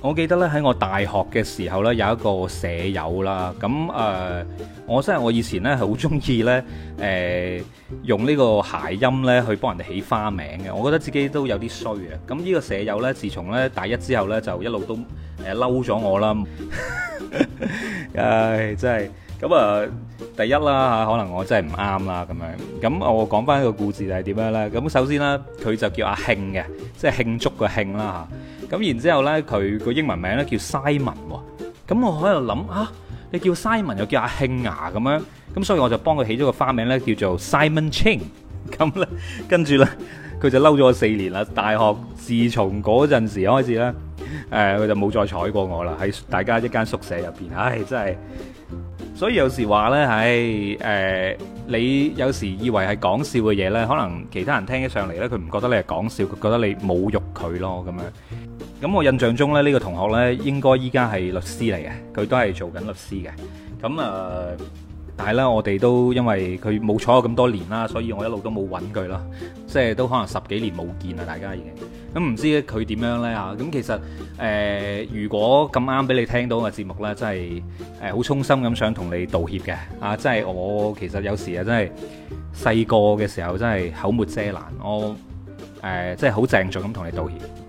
我記得咧，喺我大學嘅時候咧，有一個舍友啦，咁誒，我真係我以前咧係好中意咧誒用呢個諧音咧去幫人哋起花名嘅，我覺得自己都有啲衰啊！咁呢個舍友咧，自從咧大一之後咧就一路都誒嬲咗我啦，唉，真係咁啊！第一啦嚇，可能我真係唔啱啦咁樣。咁我講翻個故事就係點樣咧？咁首先咧，佢就叫阿慶嘅，即係慶祝個慶啦嚇。咁然之後呢，佢個英文名咧叫 Simon 喎。咁我喺度諗嚇，你叫 Simon 又叫阿慶牙咁樣，咁所以我就幫佢起咗個花名咧，叫做 Simon Ching 咁咧，跟住呢，佢就嬲咗我四年啦。大學自從嗰陣時開始呢，誒、呃，佢就冇再睬過我啦。喺大家一間宿舍入邊，唉、哎，真係。所以有時話呢，唉、哎，誒、呃，你有時以為係講笑嘅嘢呢，可能其他人聽起上嚟呢，佢唔覺得你係講笑，佢覺得你侮辱佢咯，咁樣。咁我印象中咧，呢、呢個同學呢，應該依家係律師嚟嘅，佢都係做緊律師嘅。咁啊、呃，但係呢，我哋都因為佢冇坐咗咁多年啦，所以我一路都冇揾佢咯，即係都可能十幾年冇見啦，大家已經咁唔、嗯、知佢點樣呢？啊！咁其實誒、呃，如果咁啱俾你聽到個節目呢，真係誒好衷心咁想同你道歉嘅啊！即係我其實有時啊，真係細個嘅時候真係口沒遮攔，我誒即係好鄭重咁同你道歉。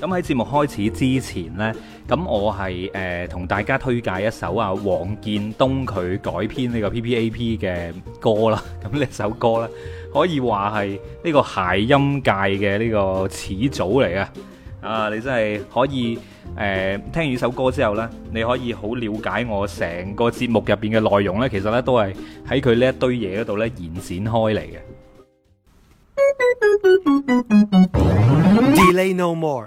咁喺節目開始之前呢，咁我係誒、呃、同大家推介一首啊黃建東佢改編呢個 P P A P 嘅歌啦。咁 呢首歌呢，可以話係呢個諧音界嘅呢個始祖嚟嘅。啊，你真係可以誒、呃、聽完首歌之後呢，你可以好了解我成個節目入邊嘅內容呢，其實呢，都係喺佢呢一堆嘢嗰度呢，延展開嚟嘅。Delay no more。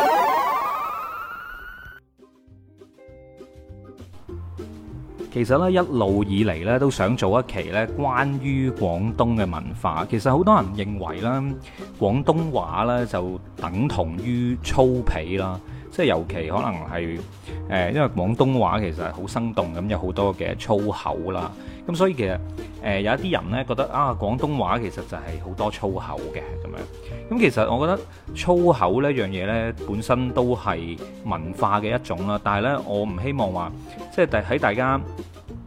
其實咧一路以嚟咧都想做一期咧關於廣東嘅文化。其實好多人認為咧廣東話咧就等同於粗鄙啦，即係尤其可能係誒、呃，因為廣東話其實好生動咁，有好多嘅粗口啦。咁所以其實誒、呃、有一啲人咧覺得啊廣東話其實就係好多粗口嘅咁樣。咁其實我覺得粗口呢樣嘢呢，本身都係文化嘅一種啦，但係呢，我唔希望話即係喺大家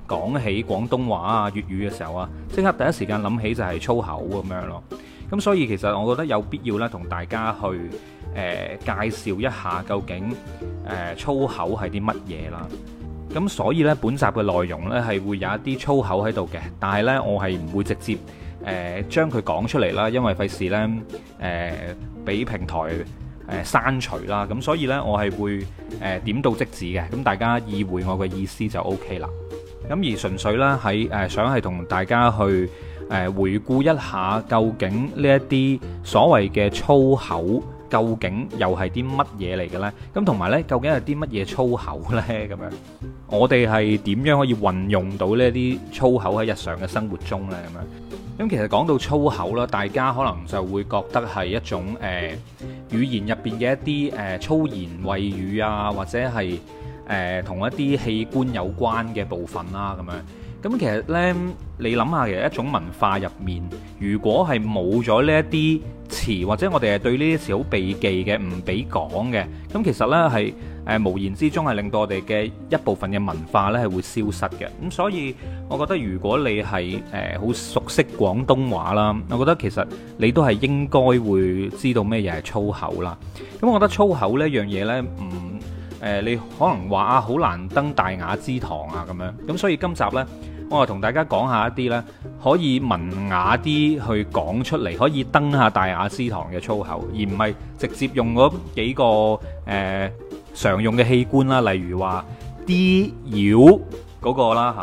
講起廣東話啊粵語嘅時候啊，即刻第一時間諗起就係粗口咁樣咯。咁所以其實我覺得有必要呢同大家去誒、呃、介紹一下究竟誒、呃、粗口係啲乜嘢啦。咁所以呢，本集嘅內容呢，係會有一啲粗口喺度嘅，但係呢，我係唔會直接，誒將佢講出嚟啦，因為費事呢，誒、呃、俾平台誒刪、呃、除啦，咁所以呢，我係會誒、呃、點到即止嘅，咁大家意會我嘅意思就 O K 啦。咁而純粹呢係誒想係同大家去誒、呃、回顧一下，究竟呢一啲所謂嘅粗口究竟又係啲乜嘢嚟嘅呢？咁同埋呢，究竟係啲乜嘢粗口呢？咁 樣我哋係點樣可以運用到呢啲粗口喺日常嘅生活中呢？咁樣？咁其實講到粗口啦，大家可能就會覺得係一種誒、呃、語言入邊嘅一啲誒、呃、粗言穢語啊，或者係誒同一啲器官有關嘅部分啦、啊，咁樣。咁其實呢，你諗下，其實一種文化入面，如果係冇咗呢一啲，詞或者我哋係對呢啲詞好避忌嘅，唔俾講嘅。咁其實呢係誒、呃、無言之中係令到我哋嘅一部分嘅文化呢係會消失嘅。咁所以我覺得如果你係誒好熟悉廣東話啦，我覺得其實你都係應該會知道咩嘢係粗口啦。咁我覺得粗口呢樣嘢呢，唔誒、呃、你可能話啊好難登大雅之堂啊咁樣。咁所以今集呢，我同大家講下一啲咧，可以文雅啲去講出嚟，可以登下大雅之堂嘅粗口，而唔係直接用嗰幾個誒、呃、常用嘅器官啦，例如話 d o 嗰個啦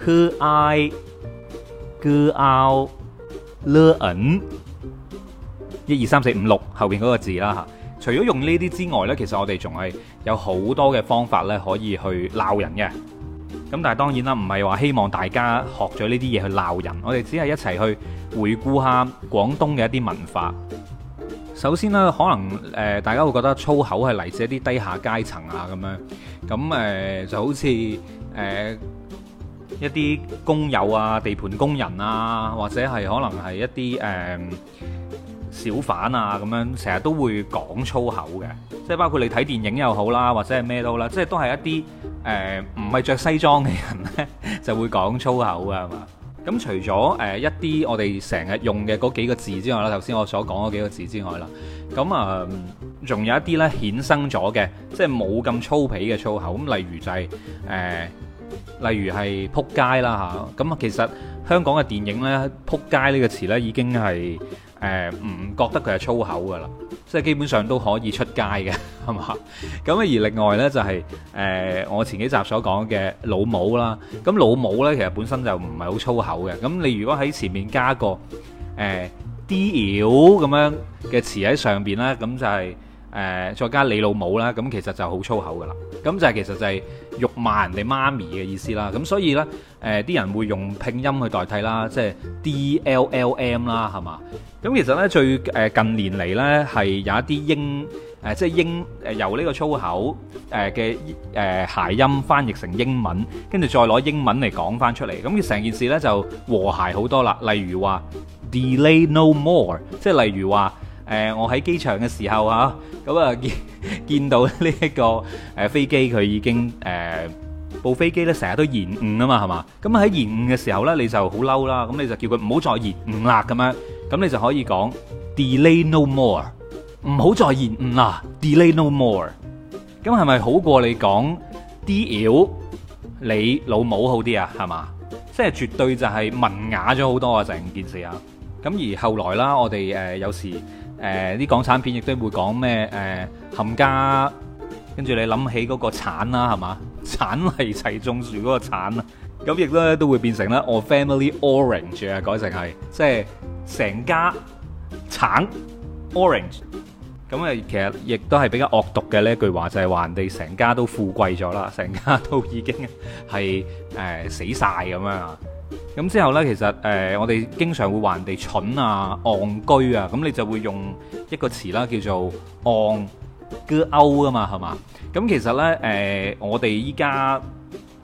吓，h i g o l n 一二三四五六後邊嗰個字啦吓、啊。除咗用呢啲之外呢，其實我哋仲係有好多嘅方法呢，可以去鬧人嘅。咁但係當然啦，唔係話希望大家學咗呢啲嘢去鬧人，我哋只係一齊去回顧下廣東嘅一啲文化。首先咧，可能誒、呃、大家會覺得粗口係嚟自一啲低下階層啊咁樣，樣，咁、呃、誒就好似誒、呃、一啲工友啊、地盤工人啊，或者係可能係一啲誒。呃小販啊，咁樣成日都會講粗口嘅，即係包括你睇電影又好啦，或者係咩都好啦，即係都係一啲誒唔係着西裝嘅人咧 就會講粗口嘅，係嘛？咁除咗誒、呃、一啲我哋成日用嘅嗰幾個字之外啦，頭先我所講嗰幾個字之外啦，咁啊，仲、呃、有一啲呢衍生咗嘅，即係冇咁粗鄙嘅粗口，咁例如就係、係、誒、呃，例如係撲街啦嚇，咁啊其實香港嘅電影呢，撲街呢、呢個詞呢已經係。誒唔、呃、覺得佢係粗口㗎喇，即係基本上都可以出街嘅，係嘛？咁 而另外呢，就係、是、誒、呃、我前幾集所講嘅老母啦。咁、嗯、老母呢，其實本身就唔係好粗口嘅，咁、嗯、你如果喺前面加個誒屌咁樣嘅詞喺上邊呢，咁、嗯、就係、是。誒、呃、再加你老母啦，咁、嗯、其實就好粗口噶啦，咁就係其實就係辱罵人哋媽咪嘅意思啦，咁、嗯、所以呢，誒、呃、啲人會用拼音去代替啦，即係 D L L M 啦，係、嗯、嘛？咁其實呢，最誒、呃、近年嚟呢，係有一啲英誒、呃、即係英、呃、由呢個粗口誒嘅誒諧音翻譯成英文，跟住再攞英文嚟講返出嚟，咁、嗯、成件事呢，就和諧好多啦。例如話 Delay no more，即係例如話。誒、呃，我喺機場嘅時候啊，咁、嗯、啊見見到呢、這、一個誒、啊、飛機，佢已經誒、呃、部飛機咧、啊，成日都延誤啊嘛，係嘛？咁喺延誤嘅時候咧，你就好嬲啦，咁、啊、你就叫佢唔好再延誤啦咁樣，咁、啊、你就可以講 delay no more，唔好再延誤啦，delay no more。咁係咪好過你講 dl 你老母好啲啊？係嘛？即係、就是、絕對就係文雅咗好多啊！成件事啊，咁而後來啦，我哋誒、呃、有時。誒啲、呃、港產片亦都會講咩誒，冚家，跟住你諗起嗰個橙啦，係嘛？橙係齊種樹嗰個橙啊，咁亦都都會變成呢我 family orange 啊，改成係即係成家橙 orange，咁啊其實亦都係比較惡毒嘅呢一句話，就係、是、話人哋成家都富貴咗啦，成家都已經係誒、呃、死晒咁樣啊！咁之後呢，其實誒，我哋經常會話人哋蠢啊、戇居啊，咁你就會用一個詞啦，叫做戇居歐啊嘛，係嘛？咁其實呢，誒，我哋依家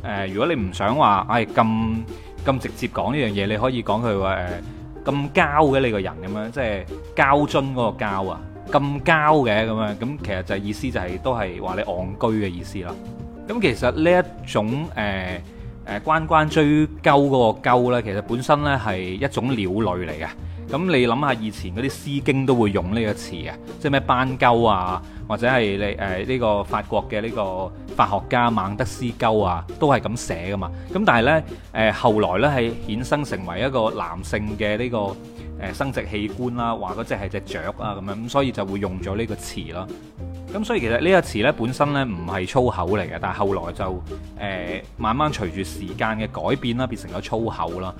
誒，如果你唔想話，誒咁咁直接講呢樣嘢，你可以講佢話誒咁膠嘅你個人咁樣，即係膠樽嗰個膠啊，咁膠嘅咁樣，咁其實就意思就係都係話你戇居嘅意思啦。咁其實呢一種誒。誒關關雎鳩嗰個鳩咧，其實本身呢係一種鳥類嚟嘅。咁你諗下以前嗰啲詩經都會用呢個詞啊，即係咩斑鳩啊，或者係你誒呢、呃呢個法國嘅呢個法學家孟德斯鳩啊，都係咁寫㗎嘛。咁但係呢，誒、呃、後來呢係衍生成為一個男性嘅呢、呢個。誒生殖器官啦，話嗰隻係隻雀啊咁樣，咁所以就會用咗呢個詞咯。咁所以其實呢個詞呢，本身呢唔係粗口嚟嘅，但係後來就誒、呃、慢慢隨住時間嘅改變啦，變成咗粗口啦。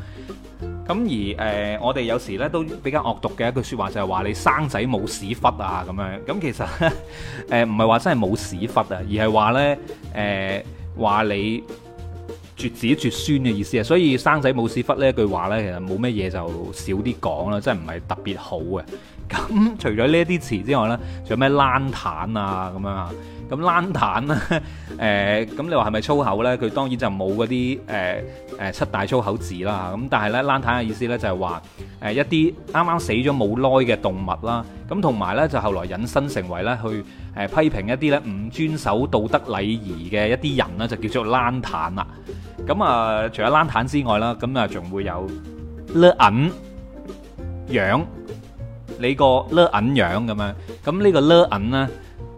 咁而誒、呃、我哋有時呢都比較惡毒嘅一句説話就係話你生仔冇屎忽啊咁樣。咁其實誒唔係話真係冇屎忽啊，而係話呢，誒、呃、話你。絕子絕孫嘅意思啊，所以生仔冇屎忽呢一句話呢，其實冇咩嘢就少啲講啦，真係唔係特別好嘅。咁 除咗呢啲詞之外呢，仲有咩爛彈啊咁樣啊？咁爛彈呢，誒 咁、呃、你話係咪粗口呢？佢當然就冇嗰啲誒誒七大粗口字啦。咁但係呢，爛彈嘅意思呢，就係話誒一啲啱啱死咗冇耐嘅動物啦，咁同埋呢，就後來引申成為呢去誒批評一啲呢唔遵守道德禮儀嘅一啲人呢，就叫做爛彈啦。咁啊、嗯，除咗冷攤之外啦，咁啊仲會有咧銀、銀樣，你、嗯這個咧銀、銀樣咁樣，咁呢個咧銀咧，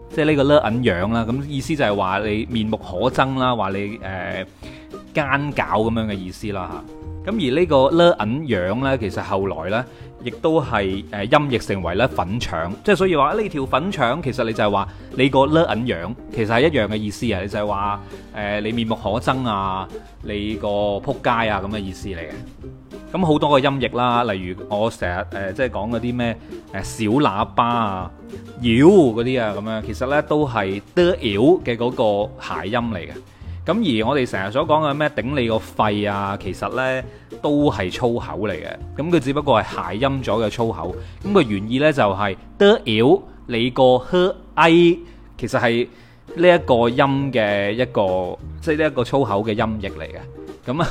即係呢個咧銀樣啦，咁意思就係話你面目可憎啦，話你誒、呃、奸狡咁樣嘅意思啦嚇。咁而呢、呢個勒銀樣呢，其實後來呢，亦都係誒音譯成為呢粉腸，即係所以話呢條粉腸其實你就係話你個勒銀樣其實係一樣嘅意思啊！你就係話誒你面目可憎啊，你個仆街啊咁嘅意思嚟嘅。咁、嗯、好多個音譯啦，例如我成日誒即係講嗰啲咩誒小喇叭啊、妖嗰啲啊咁樣，其實呢都係 the 妖嘅嗰個諧音嚟嘅。咁而我哋成日所講嘅咩頂你個肺啊，其實咧都係粗口嚟嘅。咁佢只不過係諧音咗嘅粗口。咁個原意咧就係的了你個乞，其實係呢一個音嘅一個，即係呢一個粗口嘅音譯嚟嘅。咁啊，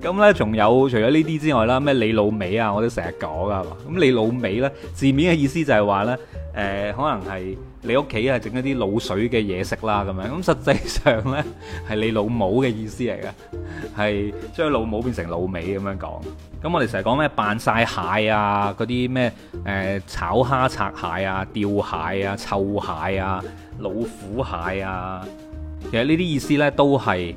咁咧仲有除咗呢啲之外啦，咩你老味啊，我都成日講噶嘛。咁你老味咧字面嘅意思就係話咧，誒可能係。你屋企係整一啲鹵水嘅嘢食啦，咁樣咁實際上呢，係你老母嘅意思嚟嘅，係 將老母變成老味咁樣講。咁我哋成日講咩扮晒蟹啊，嗰啲咩誒炒蝦拆蟹啊、釣蟹啊、臭蟹啊、老虎蟹啊，其實呢啲意思呢，都係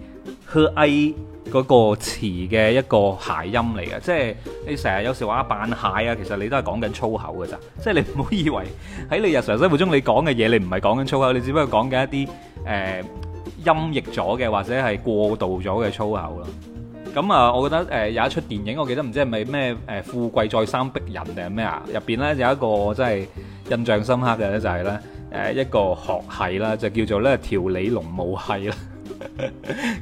虛偽。嗰個詞嘅一個諧音嚟嘅，即係你成日有時話扮蟹啊，其實你都係講緊粗口嘅咋，即係你唔好以為喺你日常生活中你講嘅嘢，你唔係講緊粗口，你只不過講緊一啲誒音譯咗嘅或者係過度咗嘅粗口咯。咁啊，我覺得誒、呃、有一出電影，我記得唔知係咪咩誒《富貴再三逼人》定係咩啊？入邊呢有一個真係印象深刻嘅、就係、呢就係呢誒一個學系啦，就叫做呢調理龍武系啦。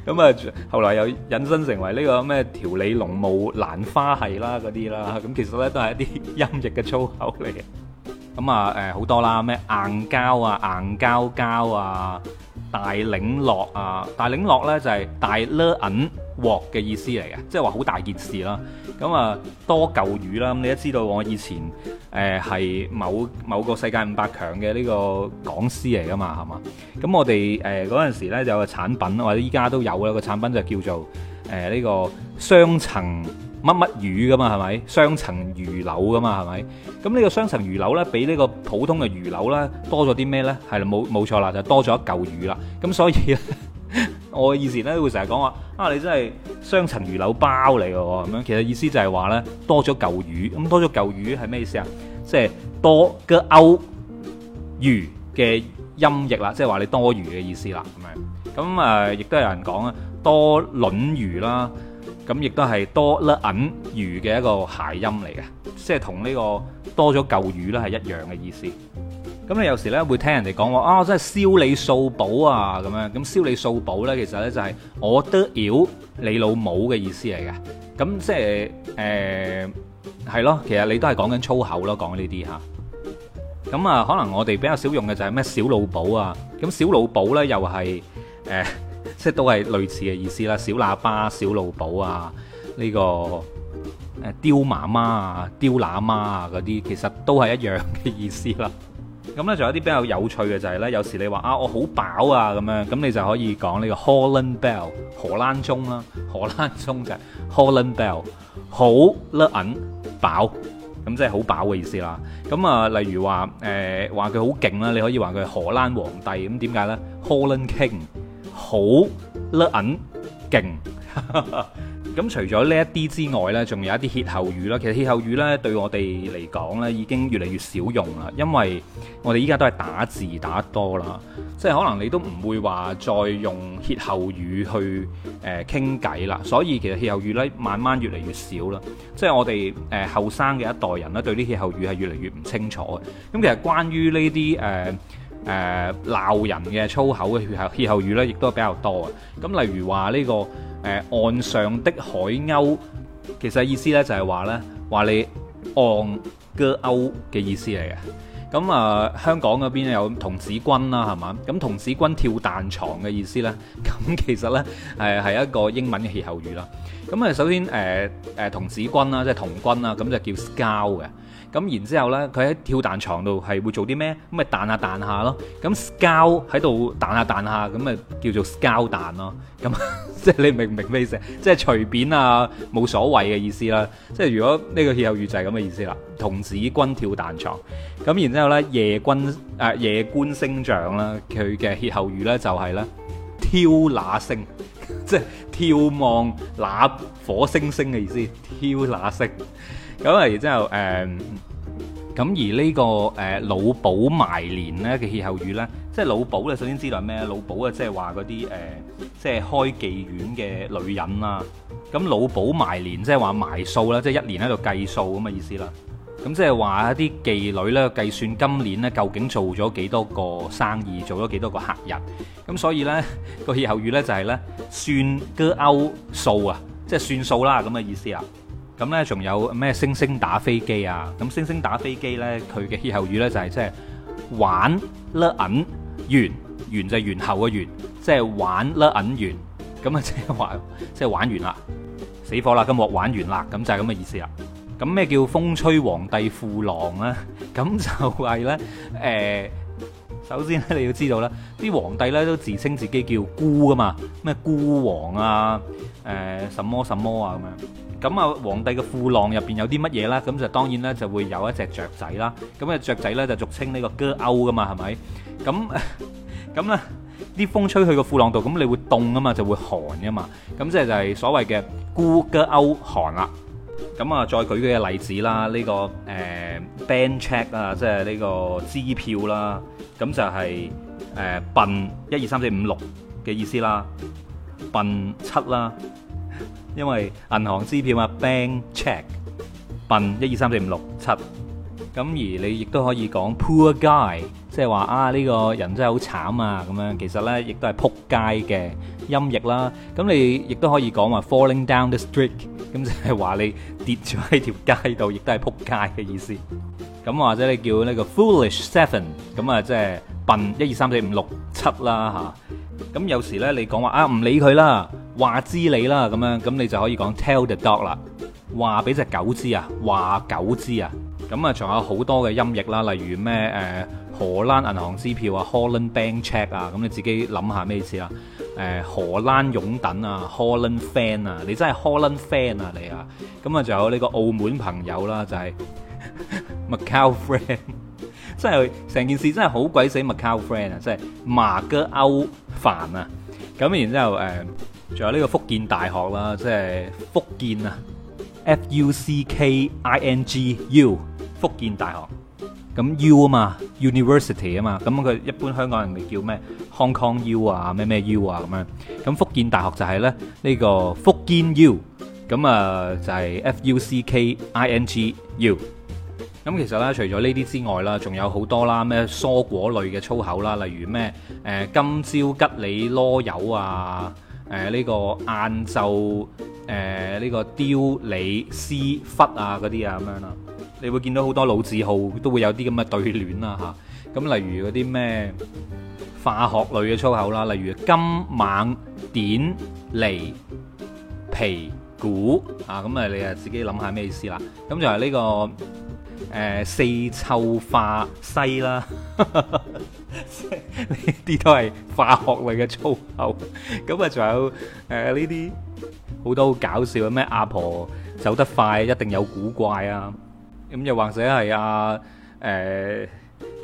咁啊，後來又引申成為呢個咩調理農務蘭花系啦嗰啲啦，咁其實咧都係一啲音譯嘅粗口嚟嘅。咁啊，誒好多啦，咩硬膠啊、硬膠膠啊、大檸樂啊、大檸樂咧就係大勒銀鑊嘅意思嚟嘅，即係話好大件事啦。咁、嗯、啊，多嚿魚啦。咁、嗯、你都知道我以前誒係、呃、某某個世界五百強嘅呢個講師嚟噶嘛，係嘛？咁我哋誒嗰陣時呢就有個產品，或者依家都有啦。這個產品就叫做誒呢、呃這個雙層乜乜魚噶嘛，係咪？雙層魚柳噶嘛，係咪？咁呢個雙層魚柳呢，比呢個普通嘅魚柳呢，多咗啲咩呢？係啦，冇冇錯啦，就是、多咗一嚿魚啦。咁所以。 我以前咧會成日講話啊，你真係雙層魚柳包嚟嘅喎，咁樣其實意思就係話咧多咗嚿魚，咁多咗嚿魚係咩意思啊？即係多嘅歐魚嘅音譯啦，即係話你多餘嘅意思啦，咁樣咁誒，亦都有人講啊多卵魚啦，咁亦都係多粒銀魚嘅一個諧音嚟嘅，即係同呢個多咗嚿魚咧係一樣嘅意思。咁你有時咧會聽人哋講話啊，真係燒你素寶啊咁樣，咁燒你素寶咧，其實咧就係我得妖你老母嘅意思嚟嘅。咁即係誒係咯，其實你都係講緊粗口咯，講呢啲吓。咁啊，可能我哋比較少用嘅就係咩小老寶啊，咁小老寶咧又係誒，即係都係類似嘅意思啦。小喇叭、小老寶啊，呢個誒刁媽媽啊、刁喇媽啊嗰啲，其實都係一樣嘅意思啦。咁咧仲有啲比較有趣嘅就係咧，有時你話啊我好飽啊咁樣，咁你就可以講呢個 Holland Bell 荷蘭鐘啦，啊，荷蘭鐘就係 Holland Bell 好撚飽，咁即係好飽嘅意思啦。咁啊，例如話誒話佢好勁啦，你可以話佢荷蘭皇帝，咁點解咧？Holland King 好撚勁。 咁、嗯、除咗呢一啲之外呢，仲有一啲歇後語啦。其實歇後語呢，對我哋嚟講呢，已經越嚟越少用啦，因為我哋依家都係打字打多啦，即係可能你都唔會話再用歇後語去誒傾偈啦。所以其實歇後語呢，慢慢越嚟越少啦。即係我哋誒後生嘅一代人呢，對啲歇後語係越嚟越唔清楚嘅。咁、嗯、其實關於呢啲誒。呃誒鬧、呃、人嘅粗口嘅歇後歇後語咧，亦都比較多嘅。咁例如話呢、這個誒、呃、岸上的海鷗，其實意思咧就係話咧話你岸嘅鷗嘅意思嚟嘅。咁啊、呃，香港嗰邊有童子軍啦，係嘛？咁童子軍跳彈床嘅意思咧，咁其實咧係係一個英文嘅歇後語啦。咁啊，首先誒誒、呃、童子軍啦，即係童軍啦，咁就叫 scout 嘅。咁然之後咧，佢喺跳彈床度係會做啲咩？咁咪彈下彈下咯。咁膠喺度彈下彈下，咁咪叫做膠彈咯。咁即係你明唔明咩意思？即係隨便啊，冇所謂嘅意思啦。即係如果呢個歇後語就係咁嘅意思啦。童子軍跳彈床。咁然之後咧，夜軍誒、呃、夜觀星象啦，佢嘅歇後語咧就係咧挑那星，即係眺望那火星星嘅意思。挑那星。咁啊，然之後誒，咁、嗯、而呢、這個誒、呃、老保埋年咧嘅歇後語咧，即係老保咧首先知道係咩老保，呃，就是啊，老保就是、啊，即係話嗰啲誒，即係開妓院嘅女人啦。咁老保埋年即係話埋數啦，即係一年喺度計數咁嘅意思啦。咁即係話啲妓女咧計算今年咧究竟做咗幾多個生意，做咗幾多個客人。咁、啊、所以咧個歇後語咧就係咧算嘅勾數啊，即係算數啦咁嘅意思啊。咁咧仲有咩星星打飛機啊？咁星星打飛機咧，佢嘅歇後語咧就係即係玩甩銀完，完就係完後嘅完，即係玩甩銀完，咁啊即係話即係玩完啦，死火啦，今鑊玩完啦，咁就係咁嘅意思啦。咁咩叫風吹皇帝褲浪咧？咁就係咧，誒、呃，首先咧你要知道啦，啲皇帝咧都自稱自己叫孤噶嘛，咩孤王啊，誒、呃、什麼什麼啊咁樣。咁啊，皇帝嘅褲浪入邊有啲乜嘢啦？咁就當然咧就會有一隻雀仔啦。咁啊、like，雀仔咧就俗稱呢個吉歐噶嘛，係 咪？咁咁咧，啲風吹去個褲浪度，咁 音 ho Merc ado 你會凍啊嘛，就會寒啊嘛。咁即係就係所謂嘅 girl 吉歐寒啦。咁啊，再舉嘅例子啦，呢個誒 band check 啊，即係呢個支票啦。咁就係誒笨一二三四五六嘅意思啦，笨七啦。因為銀行支票啊 bank check 笨一二三四五六七，咁而你亦都可以講 poor guy，即係話啊呢個人真係好慘啊咁樣，其實呢，亦都係撲街嘅音譯啦。咁你亦都可以講話 falling down the street，咁即係話你跌咗喺條街度，亦都係撲街嘅意思。咁或者你叫呢個 foolish seven，咁啊即係笨一二三四五六七啦吓，咁有時呢，你講話啊唔理佢啦。話知你啦，咁樣咁你就可以講 tell the dog 啦，話俾隻狗知啊，話狗知啊。咁啊，仲有好多嘅音譯啦，例如咩誒、呃、荷蘭銀行支票啊，Holland Bank Check 啊，咁你自己諗下咩意思啦、啊？誒、呃、荷蘭擁躉啊，Holland Fan 啊，你真係 Holland Fan 啊，你啊。咁啊，仲有呢個澳門朋友啦、啊，就係、是、 Macau Friend， 真係成件事真係好鬼死 Macau Friend 啊，即係馬哥歐飯啊。咁然之後誒。呃仲有呢個福建大學啦，即係福建啊，F U C K I N G U，福建大學。咁 U 啊嘛，University 啊嘛，咁佢一般香港人咪叫咩？Hong Kong U 啊，咩咩 U 啊咁樣。咁福建大學就係咧呢個福建 U，咁啊就係 F U C K I N G U。咁其實咧，除咗呢啲之外啦，仲有好多啦，咩蔬果類嘅粗口啦，例如咩誒金蕉吉李蘿柚啊。誒呢、呃這個晏晝誒呢個雕李絲忽啊嗰啲啊咁樣啦，你會見到好多老字號都會有啲咁嘅對聯啦嚇，咁、啊、例如嗰啲咩化學類嘅粗口啦、啊，例如金猛典脷皮鼓啊咁啊，嗯、你啊自己諗下咩意思啦，咁、啊、就係呢、這個誒、呃、四臭化西啦。啊 呢啲 都係化學類嘅粗口， 咁、呃、啊，仲有誒呢啲好多好搞笑嘅咩？阿婆走得快，一定有古怪啊！咁、嗯、又或者係阿誒《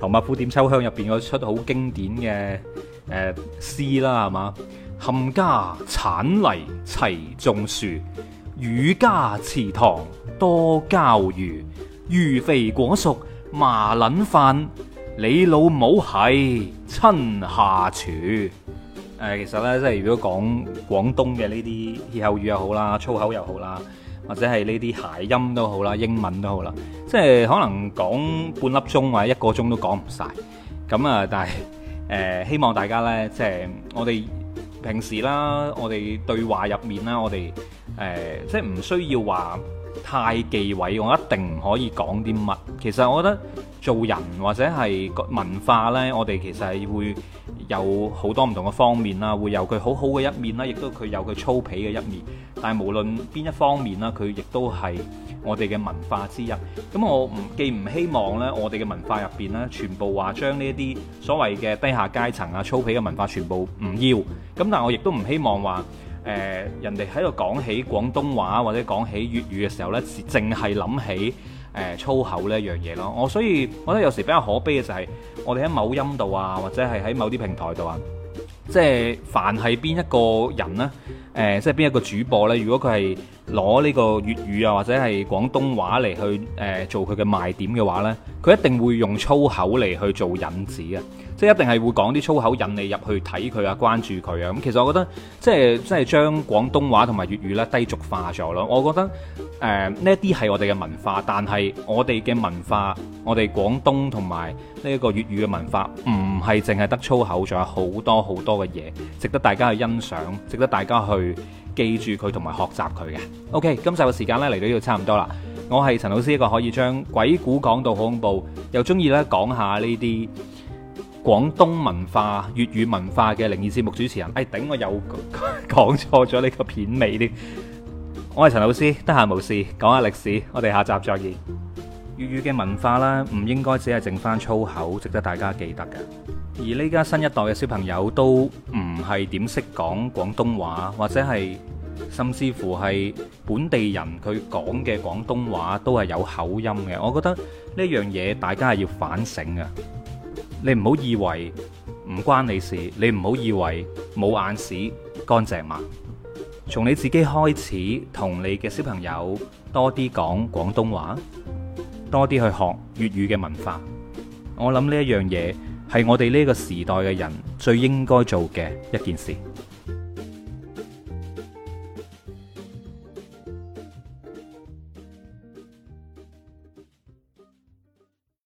唐伯虎點秋香》入邊嗰出好經典嘅誒詩啦，係嘛？冚家鏟泥齊種樹，儒家祠堂多膠魚，魚肥果熟麻撚飯。你老母係親下廚，誒、呃、其實咧，即係如果講廣東嘅呢啲歇後語又好啦，粗口又好啦，或者係呢啲諧音都好啦，英文都好啦，即係可能講半粒鐘或者一個鐘都講唔晒。咁啊，但係誒、呃、希望大家呢，即係我哋平時啦，我哋對話入面啦，我哋誒、呃、即係唔需要話太忌諱，我一定唔可以講啲乜。其實我覺得。做人或者係個文化呢，我哋其實係會有好多唔同嘅方面啦，會有佢好好嘅一面啦，亦都佢有佢粗鄙嘅一面。但係無論邊一方面啦，佢亦都係我哋嘅文化之一。咁我唔既唔希望呢，我哋嘅文化入邊呢，全部話將呢一啲所謂嘅低下階層啊、粗鄙嘅文化全部唔要。咁但係我亦都唔希望話誒、呃、人哋喺度講起廣東話或者講起粵語嘅時候呢，淨係諗起。誒、呃、粗口呢一樣嘢咯、哦，我所以覺得有時比較可悲嘅就係、是、我哋喺某音度啊，或者係喺某啲平台度啊，即係凡係邊一個人呢，誒、呃、即係邊一個主播呢，如果佢係攞呢個粵語啊或者係廣東話嚟去誒、呃、做佢嘅賣點嘅話呢，佢一定會用粗口嚟去做引子啊！即係一定係會講啲粗口引你入去睇佢啊，關注佢啊。咁其實我覺得，即係即係將廣東話同埋粵語咧低俗化咗咯。我覺得誒呢啲係我哋嘅文化，但係我哋嘅文化，我哋廣東同埋呢一個粵語嘅文化，唔係淨係得粗口，仲有好多好多嘅嘢值得大家去欣賞，值得大家去記住佢同埋學習佢嘅。OK，今集嘅時間咧嚟到呢度差唔多啦。我係陳老師，一個可以將鬼故講到好恐怖，又中意咧講下呢啲廣東文化、粵語文化嘅靈異節目主持人，哎，頂我又講錯咗呢個片尾啲。 我係陳老師，得閒無事講下歷史。我哋下集再見。粵語嘅文化啦，唔應該只係剩返粗口，值得大家記得嘅。而呢家新一代嘅小朋友都唔係點識講廣東話，或者係甚至乎係本地人佢講嘅廣東話都係有口音嘅。我覺得呢樣嘢大家係要反省嘅。你唔好以為唔關你事，你唔好以為冇眼屎乾淨嘛。從你自己開始，同你嘅小朋友多啲講廣東話，多啲去學粵語嘅文化。我諗呢一樣嘢係我哋呢個時代嘅人最應該做嘅一件事。